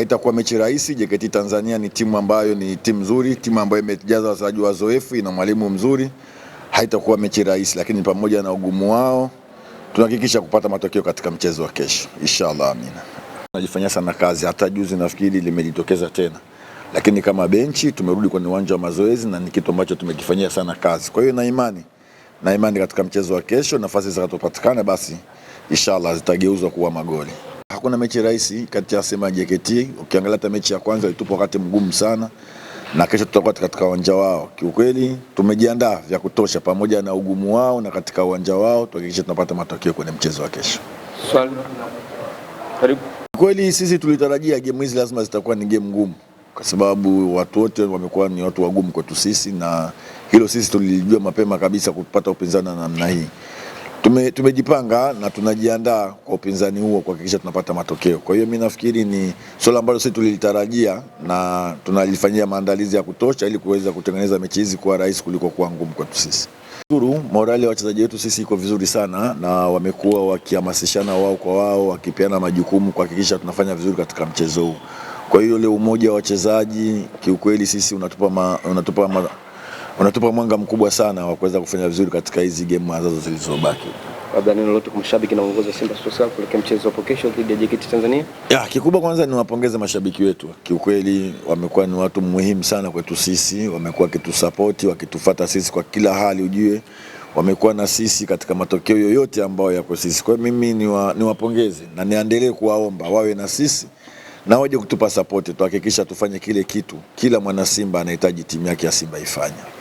haitakuwa mechi rahisi. JKT Tanzania ni timu ambayo ni timu nzuri, timu ambayo imejaza wachezaji wazoefu, ina mwalimu mzuri. Haitakuwa mechi rahisi, lakini pamoja na ugumu wao tunahakikisha kupata matokeo katika mchezo wa kesho inshallah. Amina. Najifanyia sana kazi, hata juzi nafikiri limejitokeza tena, lakini kama benchi tumerudi kwenye uwanja wa mazoezi na ni kitu ambacho tumekifanyia sana kazi. Kwa hiyo na imani na imani katika mchezo wa kesho, nafasi zitakazopatikana basi inshallah zitageuzwa kuwa magoli. Hakuna mechi rahisi kati ya Simba na JKT. Ukiangalia hata mechi ya kwanza ilitupa wakati mgumu sana, na kesho tutakuwa katika uwanja wao. Kiukweli tumejiandaa vya kutosha, pamoja na ugumu wao na katika uwanja wao, tuhakikishe tunapata matokeo kwenye mchezo wa kesho. Kweli sisi tulitarajia game hizi lazima zitakuwa ni game ngumu, kwa sababu watu wote wamekuwa ni watu wagumu kwetu sisi, na hilo sisi tulilijua mapema kabisa kupata upinzani na namna hii tume, tumejipanga na tunajiandaa kwa upinzani huo kuhakikisha tunapata matokeo. Kwa hiyo mi nafikiri ni swala ambalo sisi tulilitarajia na tunalifanyia maandalizi ya kutosha ili kuweza kutengeneza mechi hizi kuwa rahisi kuliko kuwa ngumu kwetu sisi. Shukuru, morali ya wachezaji wetu sisi iko vizuri sana na wamekuwa wakihamasishana wao kwa wao, wakipeana majukumu kuhakikisha tunafanya vizuri katika mchezo huu. Kwa hiyo ule umoja wa wachezaji kiukweli sisi unatupa ma, unatupa ma, unatupa mwanga mkubwa sana wa kuweza kufanya vizuri katika hizi game ambazo zilizobaki. Labda neno lote kwa mashabiki na uongozi wa Simba Sports Club kuelekea mchezo wa kesho dhidi ya JKT Tanzania? Ya, kikubwa kwanza wapongeze mashabiki wetu. Kiukweli wamekuwa ni watu muhimu sana kwetu sisi, wamekuwa wakitusapoti, wakitufuata sisi kwa kila hali ujue wamekuwa na sisi katika matokeo yoyote ambayo yako sisi. Kwa mimi ni wa, ni na niendelee kuwaomba wawe na sisi na waje kutupa sapoti, tuhakikisha tufanye kile kitu kila mwana Simba anahitaji timu yake ya Simba ifanye.